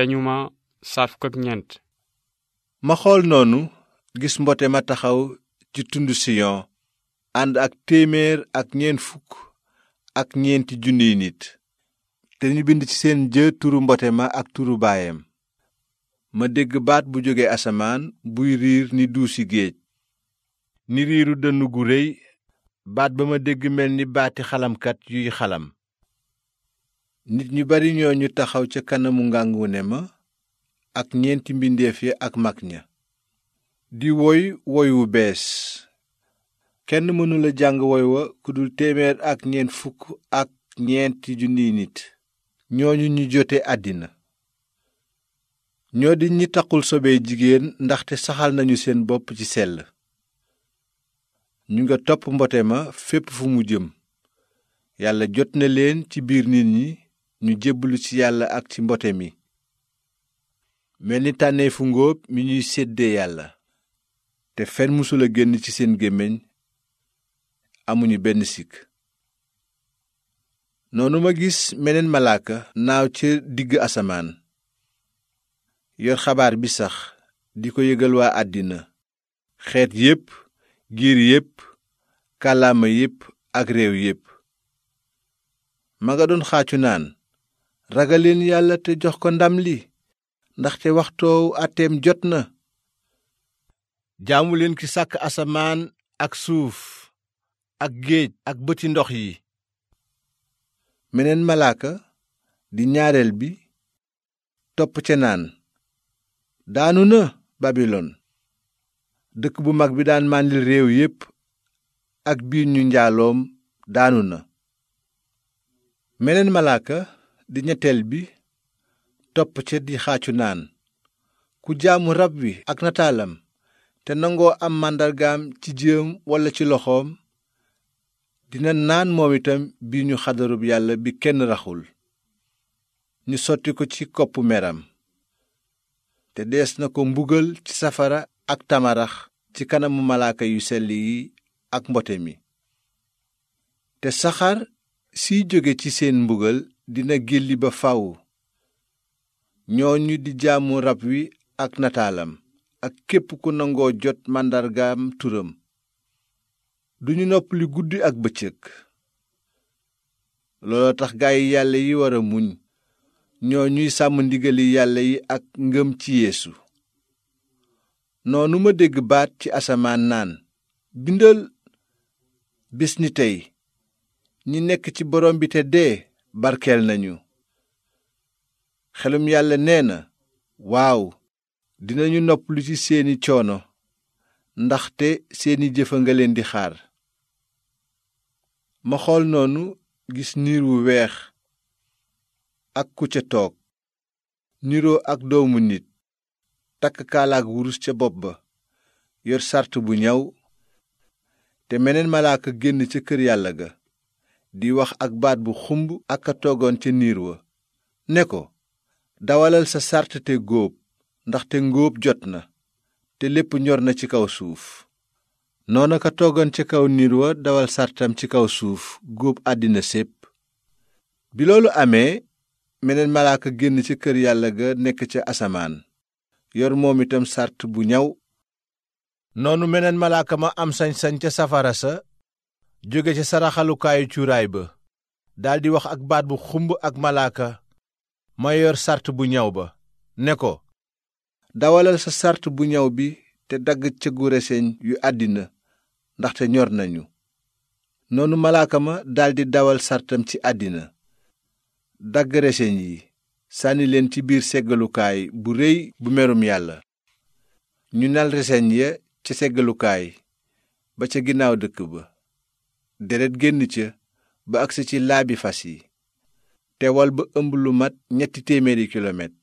peñuma saar fukk ñeent ma xool noonu gis mbote ma taxaw ci tund siyon ànd ak téeméer ak ñeent fukk ak ñeenti junniy nit te ñu bind ci seen jë turu mbote ma ak turu baayam ma dégg baat bu jóge asamaan buy riir ni duusi géej ni riiru dënn gu réy baat ba ma dégg mel ni baati xalamkat yuy xalam nit ñu bari ñoo ñu taxaw ca kanamu ngàngune ma ak ñeenti mbindeef ya ak mag ña di woy woy wu bees kenn mënula jàng woy wa ku dul téeméer ak ñeent fukk ak ñeenti junniy nit ñooñu ñu jote àddina ñoo di ñi taqul sobe jigéen ndaxte saxal nañu seen bopp ci sell ñu nga topp mbote ma fépp fu mu jëm yàlla jot na leen ci biir nit ñi ñu jébbalu ci yàlla ak ci mbote mi mel ni tànneefu ngóob mi ñuy séddee yàlla te fen a génn ci seen gémmiñ amuñu benn sikk noonu ma gis meneen malaaka naaw ca digg asamaan yor xabaar bi sax di ko yëgal waa àddina xeet yépp giir yépp kàllaama yépp ak réew yépp ma nga doon xaacu naan ragaleen yàlla te jox ko ndam li ndaxte waxtoowu àtteem jot na jaamuleen ki sàkk asamaan ak suuf ak géej ak bëti ndox yi meneen malaaka di ñaareel bi topp ca naan daanu na babilon dëkk bu mag bi daan màndil réew yépp ak biir ñu njaaloom daanu na meneen malaaka di ñetteel bi topp ca di xaacu naan ku jaamu rab wi ak nataalam te nangoo am màndargaam ci jëm walla ci loxoom dina naan moom itam bi ñu xadaru yàlla bi kenn raxul ñu sotti ko ci koppu meram te dees na ko mbugal ci safara ak tamarax ci kanamu malaaka yu selli yi ak mbote mi te saxaar siy jóge ci seen mbugal dina gilli ba faw ñooñu di jaamu rab wi ak nataalam ak képp ku nangoo jot màndargaam turam duñu noppali guddi ak bëccëg looloo tax gaayi yàlla yi wara a muñ ñoo ñuy sàmm ndigali yàlla yi ak ngëm ci yeesu noonu ma dégg baat ci asamaan naan bindal bis ni tey ñi nekk ci borom bi te dee barkeel nañu xelum yàlla nee na waaw dinañu nopp lu ci seeni coono ndaxte seeni jëfa nga leen di xaar ma xool noonu gis niir wu weex ak ku ca toog niroo ak doomu nit takk kaalaag wurus ca bopp ba yor sàrt bu ñaw te meneen malaaka génn ca kër yàlla ga di wax ak baat bu xumb ak ka toogoon ca niir wa ne ko dawalal sa sàrt te góob ndaxte ngóob jot na te lépp ñor na ci kaw suuf noona ka toogoon ca kaw niir wa dawal sàrtam ci kaw suuf góob àddina sépp bi loolu amee meneen malaaka génn ci kër yàlla ga nekk ca asamaan yor moom itam sàrt bu ñaw noonu meneen malaaka am sañ ca safara sa jóge ca saraxalukaayu cuuraay ba daldi wax ak baat bu xumb ak malaaka ma yor sart bu ñaw ba ne ko dawalal sa sart bu ñaw bi te dagg cëggu reseñ yu àddina ndaxte ñor nañu noonu malaaka ma daldi dawal sartam ci àddina dagg reseñ yi sànni leen ci biir seggalukaay bu réy bu merum yàlla ñu nal reseñ ya ca seggalukaay ba ca ginnaaw dëkk ba deret génn ca ba agsi ci laabi fas yi teewal ba ëmb lu mat ñetti téeméeri kilomètre